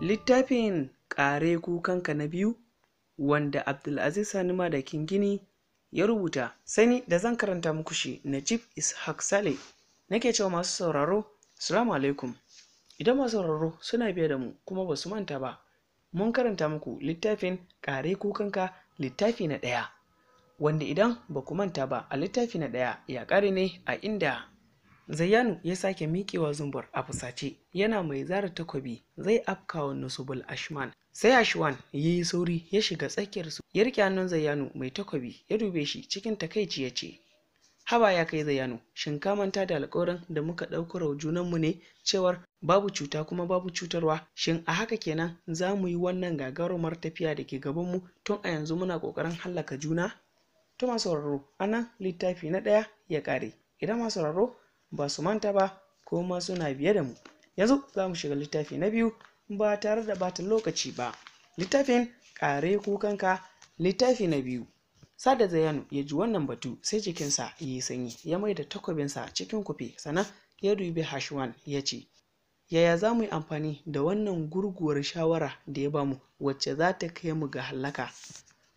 Littafin Ƙare kukanka na biyu wanda Abdulaziz Sani Madakin Gini ya rubuta sani da zan karanta muku shi Najib Ishaq Sale nake cewa masu sauraro Assalamu alaikum idan masu sauraro suna biye da mu kuma ba su manta ba mun karanta muku littafin Ƙare kukanka littafi na ɗaya wanda idan ba ku manta ba a littafi na ɗaya ya ƙare ne a inda Zayyanu ya sake miƙewa zumbur a fusace yana mai zara takobi zai afkawa Nusubul Ashman. Sai Ashwan ya yi sauri ya shiga tsakiyar su ya hannun Zayyanu mai takobi ya dube shi cikin takaici ya ce Haba ya kai Zayyanu shin ka manta da alƙawarin da muka ɗaukar mu ne cewar babu cuta kuma babu cutarwa shin a haka kenan za mu yi wannan gagarumar tafiya da ke mu tun a yanzu muna ƙoƙarin hallaka juna? Tuma sauraro anan littafi na ɗaya ya ƙare. Idan masu sauraro ba su manta ba ko ma suna biye da mu yanzu za mu shiga littafi na biyu ba tare da bata lokaci ba littafin kare kukanka littafi na biyu sada zayanu ya ji wannan batu sai jikinsa ya yi sanyi ya mai da takwabinsa cikin kufe sannan ya dubi hashwan ya ce yaya za mu yi amfani da wannan gurguwar shawara da ya ba mu wacce za ta kai mu ga hallaka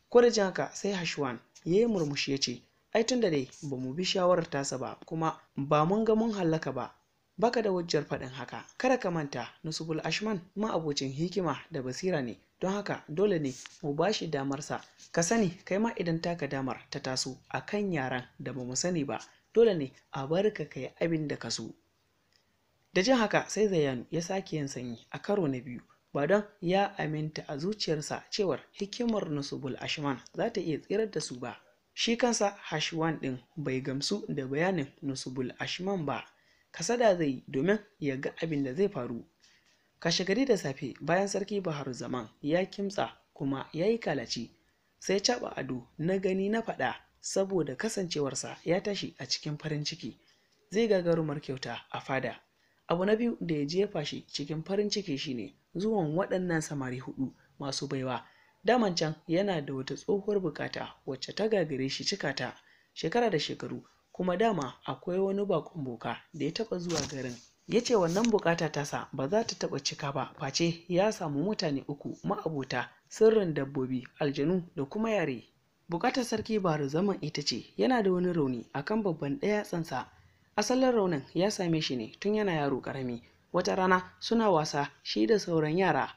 ko da jin haka sai hashwan ya yi murmushi ya ce ai tunda dai ba mu bi shawarar tasa ba kuma ba mun ga mun hallaka ba baka da wajjar faɗin haka kada ka manta nusubul ashman ma abocin hikima da basira ne don haka dole ne mu ba shi damarsa ka sani kai ma idan taka damar ta taso a kan yaran da ba mu sani ba dole ne a bar ka kai abin da ka so da jin haka sai zayanu ya sake yin sanyi a karo na biyu ba don ya aminta a zuciyarsa cewar hikimar nusubul ashman za ta iya tsirar da su ba shi kansa hashwan ɗin bai gamsu da bayanin nusubul ashman ba kasada zai domin ya ga abin da zai faru kashegari da safe bayan sarki bahar zaman ya kimtsa kuma ya yi kalaci sai caɓa ado na gani na faɗa saboda kasancewarsa ya tashi a cikin farin ciki zai gagarumar kyauta a fada abu na biyu da ya jefa shi cikin farin ciki shine zuwan waɗannan samari hudu masu baiwa Daman can yana da wata tsohuwar bukata wacce ta gagare shi cikata shekara da shekaru kuma dama akwai wani bakon boka da ya taɓa zuwa garin ya ce wannan bukata tasa ba za ta taɓa cika ba face ya samu mutane uku ma'abota sirrin dabbobi aljanu da kuma yare bukatar sarki baru zaman ita ce yana da wani rauni akan babban ɗaya tsansa asalin raunin ya same shi ne tun yana yaro karami wata rana suna wasa shi da sauran yara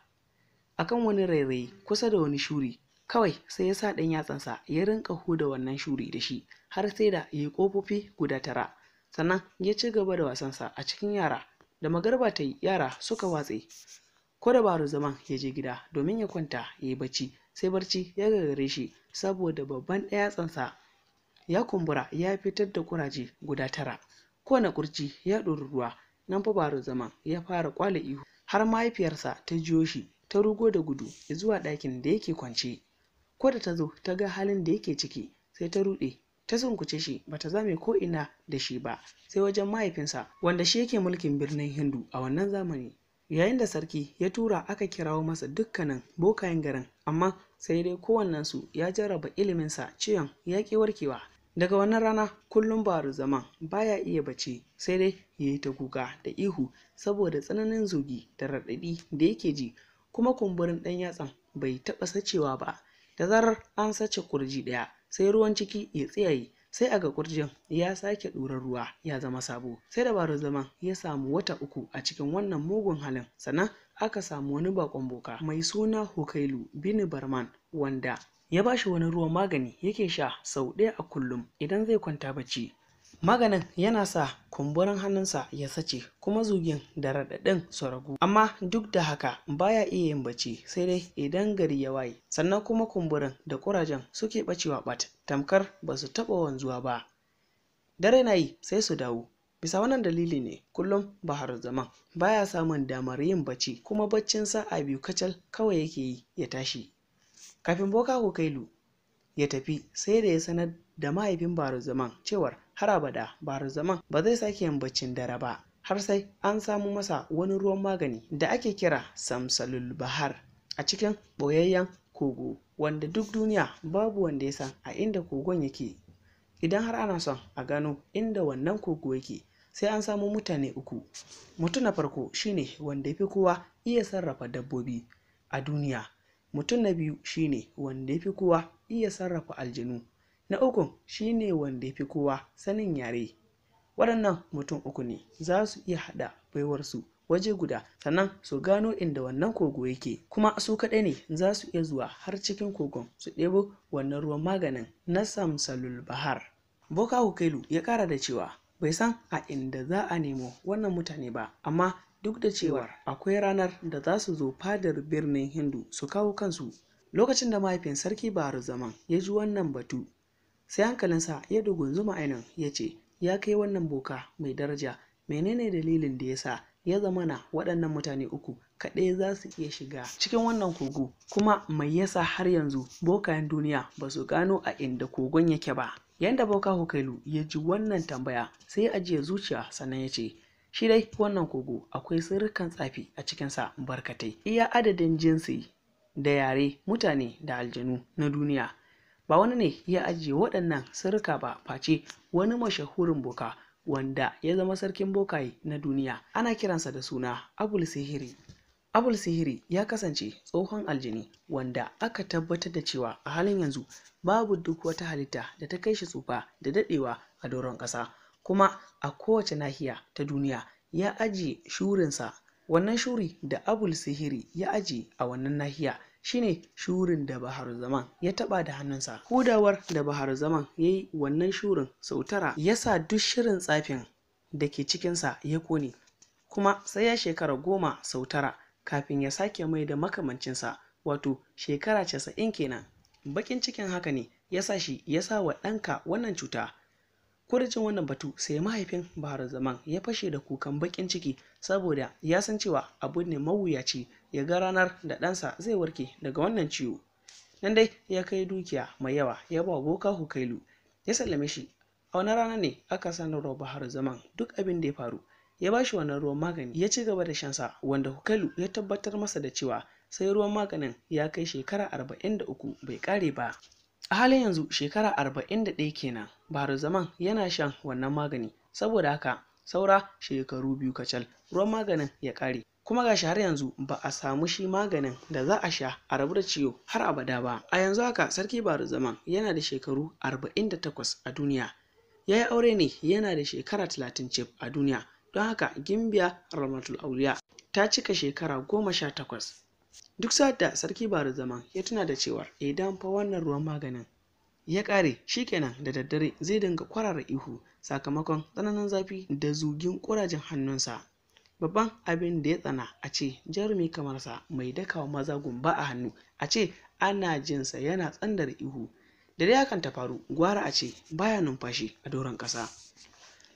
akan wani rairayi kusa da wani shuri kawai sai ya sa ɗan yatsansa ya rinka huda wannan shuri da shi har sai da ya yi ƙofofi guda tara sannan ya ci gaba da wasansa a cikin yara da magarba ta yi yara suka watse ko dabaru zaman ya je gida domin ya kwanta ya yi bacci sai barci ya gagare shi saboda babban yatsansa ya kumbura ya fitar da kuraje guda tara kowane ƙurci ya ɗori ruwa nan fa baro zaman ya fara kwale ihu har mahaifiyarsa ta jiyo shi ta rugo da gudu zuwa ɗakin da yake kwance ko da ta zo ta ga halin da yake ciki sai ta ruɗe ta sunkuce shi bata zame ko ina da shi ba sai wajen mahaifinsa wanda shi yake mulkin birnin hindu a wannan zamani yayin da sarki ya tura aka kirawo masa dukkanin bokayen garin amma sai dai kowannensu ya jarraba iliminsa ciyon ya ƙi warkewa daga wannan rana kullum ba baru zaman baya iya bace sai dai ya yi ta kuka da ihu saboda tsananin zugi da raɗaɗi da yake ji kuma kumburin ɗan yatsan bai taɓa sacewa ba da zarar an sace kurji ɗaya sai ruwan ciki ya tsiyaye sai aga kurjin ya sake ɗurar ruwa ya zama sabo sai dabarun zaman ya samu wata uku a cikin wannan mugun halin sannan aka samu wani bakon boka mai suna hukailu bini barman wanda ya bashi wani ruwan magani yake sha sau ɗaya a kullum idan zai kwanta bacci maganin yana sa kumburin hannunsa ya sace kuma zugin da raɗaɗin su ragu amma duk da haka baya iya yin bacci sai dai idan gari ya waye sannan kuma kumburin da kurajen suke bacewa bat tamkar ba su taɓa wanzuwa ba dare na yi sai su dawo bisa wannan dalili ne kullum bahar zaman baya samun damar yin bacci kuma baccin a biyu kacal kawai yake yi ya tashi kafin boka kokailu ya tafi sai da ya sanar da mahaifin Baruzaman cewar har abada Baruzaman ba zai sake yambacin dare ba har sai an samu masa wani ruwan magani da ake kira Samsalul Bahar a cikin boyayyen kogo wanda duk duniya babu wanda ya san a inda kogon yake idan har ana son a gano inda wannan kogo yake sai an samu mutane uku mutum na farko shine wanda ya fi kowa iya sarrafa dabbobi a duniya mutum na biyu shine wanda ya fi kowa iya sarrafa aljanu na ukun shine wanda ya fi kowa sanin yare waɗannan mutum uku ne za su iya haɗa baiwarsu waje guda sannan su gano inda wannan kogo yake kuma su kaɗai ne za su iya zuwa har cikin kogon su ɗebo wannan ruwan maganin na samsalul bahar boka hukailu ya ƙara da cewa bai san a inda za a nemo wannan mutane ba amma duk da cewa akwai ranar da za su zo fadar birnin hindu su kawo kansu lokacin da mahaifin sarki bahar zaman ya ji wannan batu sai hankalinsa ya dugunzuma ainihin ya ce ya kai wannan boka mai daraja menene dalilin da ya sa ya zama na waɗannan mutane uku kaɗai za su iya shiga cikin wannan kogo kuma mai yasa har yanzu bokayen duniya ba su gano a inda kogon yake ba yanda boka hukailu ya ji wannan tambaya sai ya ajiye zuciya sannan ya ce shi dai wannan kogo akwai sirrukan tsafi a cikinsa barkatai iya adadin jinsi da yare mutane da aljanu na duniya ba wani ne ya ajiye waɗannan sirrika ba face wani mashahurin boka wanda ya zama sarkin bokaye na duniya ana kiransa da suna abul sihiri abul sihiri ya kasance tsohon aljini wanda aka tabbatar da cewa a halin yanzu babu duk wata halitta da ta kai shi tsufa da daɗewa a doron ƙasa kuma a kowace nahiya ta duniya ya ajiye shurinsa wannan shuri da abul sihiri ya ajiye a wannan nahiya shine shurin da bahar zaman ya taɓa da hannunsa hudawar da bahar zaman ya yi wannan shurin sau tara ya sa duk shirin tsafin da ke cikinsa ya kone kuma sai ya shekara goma sau tara kafin ya sake mai da makamancinsa wato shekara casa'in kenan bakin cikin haka ne ya sa shi ya sa wa ɗanka wannan cuta kurjin wannan batu sai mahaifin bahar zaman ya fashe da kukan bakin ciki saboda ya san cewa abu ne mawuyaci ya ga ranar da ɗansa zai warke daga wannan ciwo nan dai ya kai dukiya mai yawa ya ba boka hukailu ya sallame shi a wani rana ne aka sanarwa bahar zaman duk abin da ya faru ya ba shi wannan ruwan magani ya ci gaba da shansa wanda hukailu ya tabbatar masa da cewa sai ruwan maganin ya kai shekara arba'in da uku bai kare ba A halin yanzu shekara arba'in da ɗaya kenan zaman yana shan wannan magani, saboda haka saura shekaru biyu kacal ruwan maganin ya ƙare, kuma gashi har yanzu ba a samu shi maganin da za a sha a rabu da ciwo har abada ba. A yanzu haka Sarki zaman yana da shekaru arba'in da takwas a duniya, ya yi aure ne yana da shekara talatin cif a duniya, don haka Gimbiya ramatul Auliya ta cika shekara goma sha takwas. duk sa'adda sarki bari zama ya tuna da cewa idan eh, fa wannan ruwan maganin ya ƙare shikenan da daddare zai dinga kwarara ihu sakamakon tsananin zafi da zugin ƙurajen hannunsa babban abin da ya tsana a ce jarumi kamar sa mai dakawa maza gumba a hannu a ce ana jinsa yana tsandar ihu da dai hakan ta faru gwara a ce baya numfashi a doron ƙasa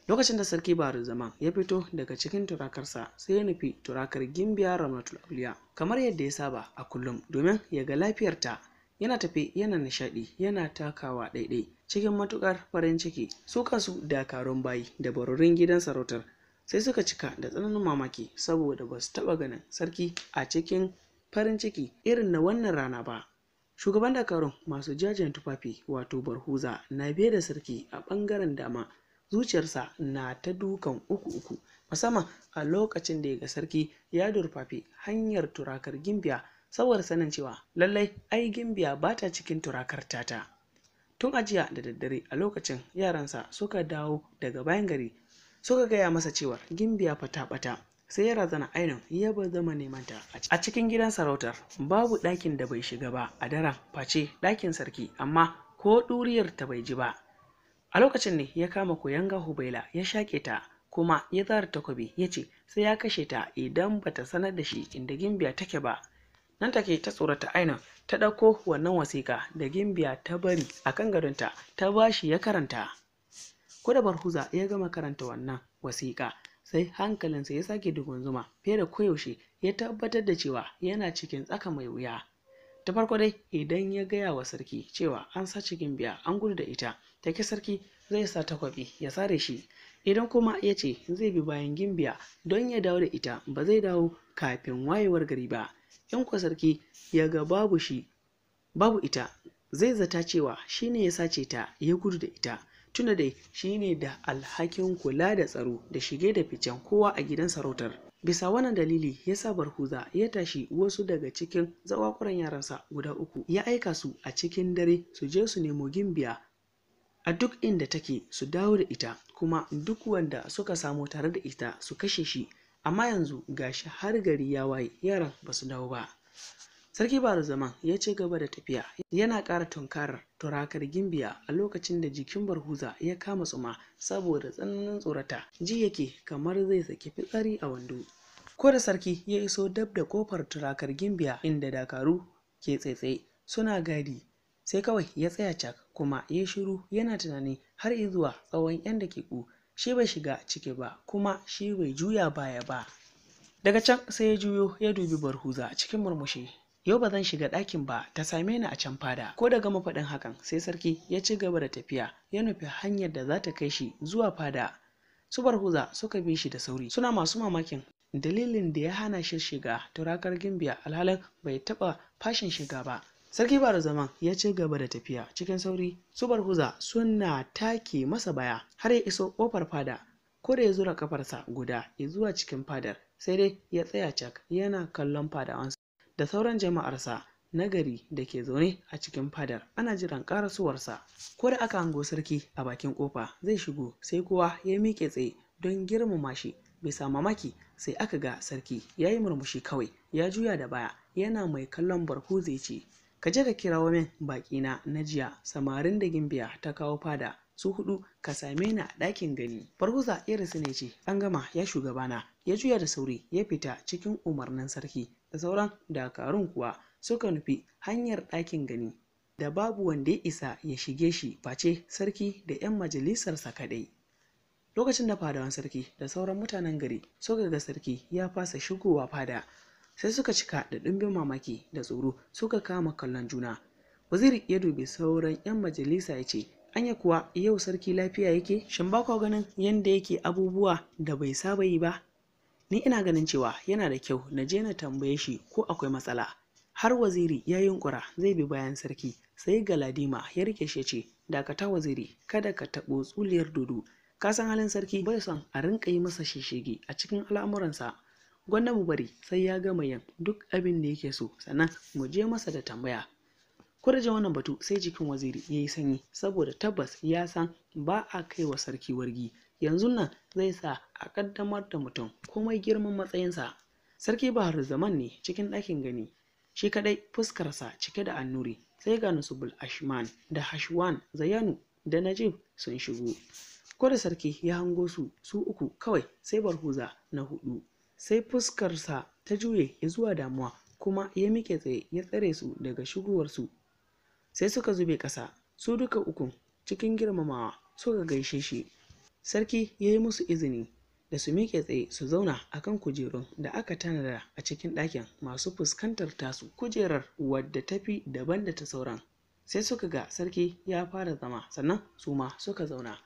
lokacin da sarki bahar zama ya fito daga cikin turakarsa sai ya nufi turakar gimbiya ramatul auliya kamar yadda ya saba a kullum domin ya ga lafiyarta yana tafi yana nishaɗi yana takawa ɗaiɗai cikin matukar farin ciki su kansu dakarun bayi da barorin gidan sarautar sai suka cika da tsananin mamaki saboda ba su taɓa ganin sarki a cikin farin ciki irin na wannan rana ba shugaban dakarun masu jajayen tufafi wato barhuza na biye da sarki a ɓangaren dama zuciyarsa na ta dukan uku uku musamman a lokacin da ya ga sarki ya durfafi hanyar turakar gimbiya saboda sanin cewa lallai ai gimbiya ba ta cikin turakar tata tun ajiya da daddare a lokacin yaransa suka dawo daga bayan gari suka gaya masa cewa gimbiya fata bata sai ya razana ainihin ya ba zama neman ta a cikin gidan sarautar babu ɗakin da bai shiga ba a daren face ɗakin sarki amma ko ɗuriyar ta bai ji ba a lokacin ne ya kama koyanga hubaila ya shaƙe ta kuma ya zara takobi ya ce sai ya kashe ta idan bata sanar da shi inda gimbiya take ba nan take ta tsorata ainihin, ta ɗauko wannan wasiƙa da gimbiya ta bari a kan gadonta ta bashi ya karanta kudabar barhuza ya gama karanta wannan wasiƙa sai hankalinsa ya sake dugun zuma fiye da koyaushe ya tabbatar da cewa yana cikin tsaka mai wuya ta farko dai idan ya gaya wa sarki cewa an sace gimbiya an gudu da ita take sarki zai sa takwabi ya sare shi idan kuma ya ce zai bi bayan gimbiya don ya dawo da ita ba zai dawo kafin wayewar gari ba in kuwa sarki ya ga babu babu ita zai zata cewa shi ne ya sace ta ya gudu da ita tuna dai shi ne da alhakin kula da tsaro da shige da ficen kowa a gidan sarautar bisa wannan dalili ya sa barhuza ya tashi wasu daga cikin zawakuran yaransa guda uku ya aika su a cikin dare su je su nemo gimbiya a duk inda take su dawo da ita kuma duk wanda suka samu tare da ita su kashe shi amma yanzu ga shi har gari ya waye yaran ba su dawo ba sarki ba da zaman ya ce gaba da tafiya yana ƙara tunkarar turakar gimbiya a lokacin da jikin barhuza ya kama tsuma saboda tsananin tsorata ji yake kamar zai saki fitsari a wando ko da sarki ya iso dab da kofar turakar gimbiya inda dakaru ke tsaitsaye suna gadi sai kawai ya tsaya cak kuma ya shiru yana tunani har izuwa tsawon 'yan daƙiƙu shi bai shiga ciki ba kuma shi bai juya baya ba daga can sai ya juyo ya dubi barhuza cikin murmushi yau ba zan shiga ɗakin ba ta same ni a can fada ko daga mafaɗin hakan sai sarki ya ci gaba da tafiya ya nufi hanyar da za ta kai shi zuwa fada su barhuza suka bi shi da sauri suna masu mamakin dalilin da ya hana shi shiga turakar gimbiya alhalin bai taɓa fashin shiga ba Sarki Bara Zaman ya ce gaba da tafiya cikin sauri su barhuza suna take masa baya har ya iso kofar fada ko da ya zura kafarsa guda ya zuwa cikin fadar sai dai ya tsaya cak yana kallon fadawansa da sauran jama'arsa na gari da ke zaune a cikin fadar ana jiran karasuwarsa ko da aka hango sarki a bakin kofa zai shigo sai kowa ya miƙe tsaye don girmama shi bisa mamaki sai aka ga sarki ya yi murmushi kawai ya juya da baya yana mai kallon barku zai ce ka je ka kirawo min baƙina na jiya samarin da gimbiya ta kawo fada su hudu ka same ni a ɗakin gani farhuza irinsu ne ce an gama ya shugabana ya juya da sauri ya fita cikin umarnin sarki da sauran dakarun kuwa suka nufi hanyar ɗakin gani da babu wanda ya isa ya shige shi face sarki da 'yan majalisarsa kaɗai lokacin da fadawan sarki da sauran mutanen gari suka ga sarki ya fasa shigowa fada sai suka cika da ɗimbin mamaki da tsoro suka kama kallon juna waziri ya dubi sauran 'yan majalisa ya ce anya kuwa yau sarki lafiya yake shin ba ganin yadda yake abubuwa da bai saba yi ba ni ina ganin cewa yana da kyau na je na tambaye shi ko akwai matsala har waziri ya yunkura zai bi bayan sarki sai galadima ya rike shi ce dakata waziri kada ka taɓo tsuliyar dodo ka san halin sarki bai son a rinka yi masa shishigi a cikin al'amuransa Gwanda mu bari sai ya gama yin duk abin da yake so sannan mu je masa da tambaya. Kurje wannan batu sai jikin waziri ya yi sanyi saboda tabbas ya san ba a kai wa sarki wargi yanzu nan zai sa a kaddamar da mutum komai girman matsayinsa. Sarki Bahar Zaman ne cikin ɗakin gani shi kadai fuskarsa cike da annuri sai ga Nusubul Ashman da Hashwan Zayanu da Najib sun shigo. Ko da sarki ya hango su su uku kawai sai Barhuza na hudu sai fuskarsa ta juye ya zuwa damuwa kuma ya miƙe tsaye ya tsare su daga shigowarsu sai suka zube ƙasa su duka ukun cikin girmamawa suka gaishe shi sarki ya yi musu izini da su miƙe tsaye su zauna a kan kujerun da aka tanada a cikin ɗakin masu fuskantar tasu kujerar wadda ta fi daban da ta sauran sai suka ga sarki ya fara zama sannan su ma suka zauna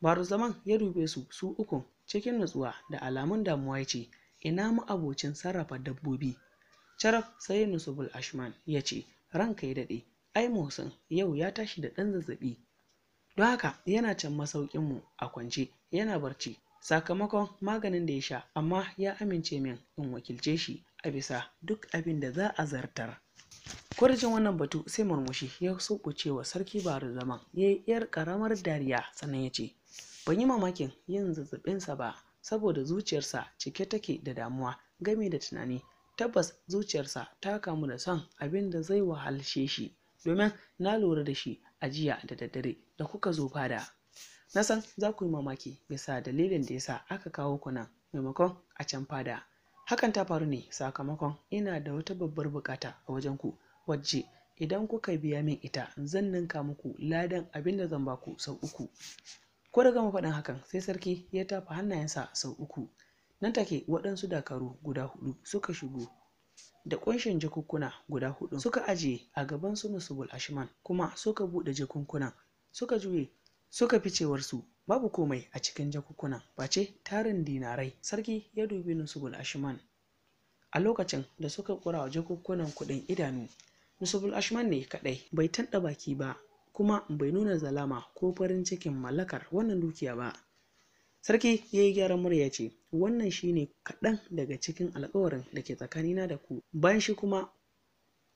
baro zaman ya dube su su ukun cikin natsuwa da alamun damuwa ya ce ina ma'abocin sarrafa dabbobi charaf sai nusubul ashman ya ce ranka ya daɗe ai mosin yau ya tashi da ɗan zazzaɓi don haka yana can mu a kwance yana barci sakamakon maganin da ya sha amma ya amince min in wakilce shi a bisa duk abin da za a zartar kwarjin wannan batu sai murmushi ya soko cewa sarki baru zama ya yi yar karamar dariya sannan ya ce ban yi mamakin yin zazzaɓinsa ba saboda zuciyarsa cike take da damuwa game da tunani tabbas zuciyarsa ta kamu da son abin da zai wahalshe shi domin na lura da shi a jiya da daddare da kuka zo fada na san za ku yi mamaki bisa dalilin da yasa aka kawo ku nan maimakon a can fada hakan ta faru ne sakamakon ina da wata babbar bukata a wajen ku wacce idan kuka biya min ita zan ninka muku ladan abin da zan ba ku sau uku ko da gama faɗin hakan sai sarki ya tafa hannayensa sau uku nan take waɗansu dakaru guda hudu suka shigo da ƙunshin jakunkuna guda hudu suka ajiye a gaban su musubul ashiman kuma suka buɗe jakunkunan suka juye suka fi ficewarsu babu komai a cikin jakunkunan face tarin dinarai sarki ya dubi musubul ashiman a lokacin da suka kura wa jakunkunan kuɗin idanu musubul ashiman ne kaɗai bai tanɗa baki ba kuma bai nuna zalama ko farin cikin mallakar wannan dukiya ba sarki ya yi gyaran murya ce wannan shine kaɗan daga cikin alkawarin da ke tsakanina da ku bayan shi kuma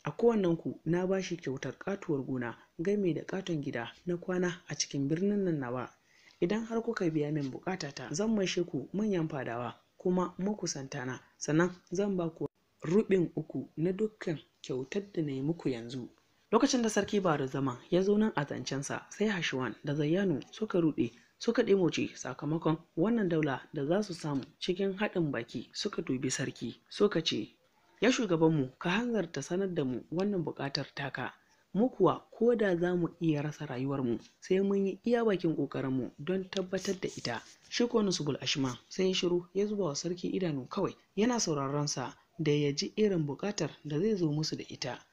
a kowannen ku na ba shi kyautar katuwar gona game da katon gida na kwana a cikin birnin nan nawa idan har kuka biya min bukatata zan maishe ku manyan fadawa kuma makusantana sannan zan ba ku rubin uku na dukkan kyautar da na yi muku yanzu lokacin da sarki ba da zama ya zo nan a zancensa sai hashuwan da zayyanu suka ruɗe suka ɗimoce sakamakon wannan daula da za su samu cikin haɗin baki suka dubi sarki suka ce ya shugabanmu ka hanzarta sanar da mu wannan buƙatar taka mu kuwa ko da za mu iya rasa rayuwarmu sai mun yi iya bakin ƙoƙarinmu don tabbatar da ita shi ko nusubul ashima sai ya shiru ya zuba wa sarki idanu kawai yana sauraron sa da ya ji irin buƙatar da zai zo musu da ita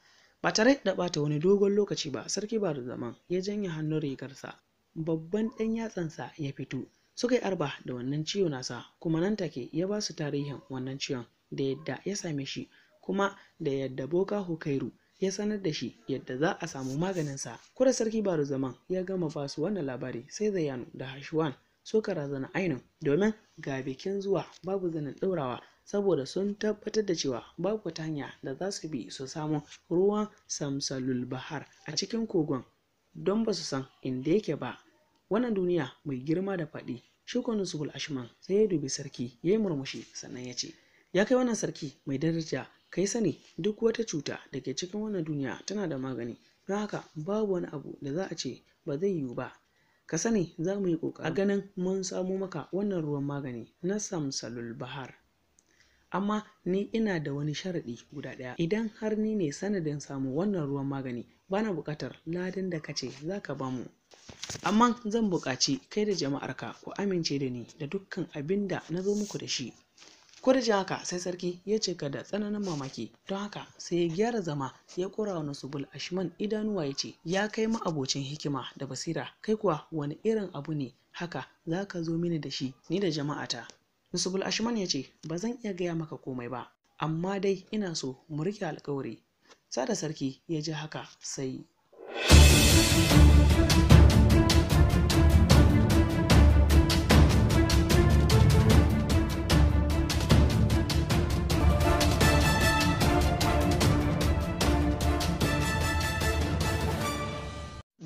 ba tare da ɓata wani dogon lokaci ba sarki ba da zaman ya janye hannun rigarsa babban ɗan yatsansa ya fito suka yi arba da wannan ciwo nasa kuma nan take ya ba su tarihin wannan ciwon da yadda ya same shi kuma da yadda boka hukairu ya sanar da shi yadda za a samu maganinsa kura sarki baru zaman ya gama ba su wannan labari sai zayanu da hashwan suka razana ainihin domin ga bikin zuwa babu zanen ɗaurawa saboda sun tabbatar da cewa babu wata hanya da za su bi su samu ruwan samsalul bahar a cikin kogon don ba su san inda yake ba wannan duniya mai girma da faɗi shukon nusubul ashman sai ya dubi sarki ya yi murmushi sannan ya ce ya kai wannan sarki mai daraja kai sani duk wata cuta da ke cikin wannan duniya tana da magani don haka babu wani abu da za a ce ba zai yiwu ba ka sani za mu yi ƙoƙarin ganin mun samo maka wannan ruwan magani na samsalul bahar amma ni ina da wani sharaɗi guda ɗaya idan har ni ne sanadin samu wannan ruwan magani bana buƙatar ladan da kace zaka bamu amma zan buƙaci kai da jama'arka ku amince da ni da dukkan abin da na zo muku da shi ko da haka sai sarki ya cika da tsananin mamaki don haka sai ya gyara zama ya kura wa bul ashman idanuwa ya ce ya kai ma abocin hikima da basira kai kuwa wani irin abu ne haka za ka zo mini da shi ni da jama'ata Nusubul Ashman ya ce, ba zan iya gaya maka komai ba, amma dai ina so mu rike alkawari. Sada sarki ya ji haka sai.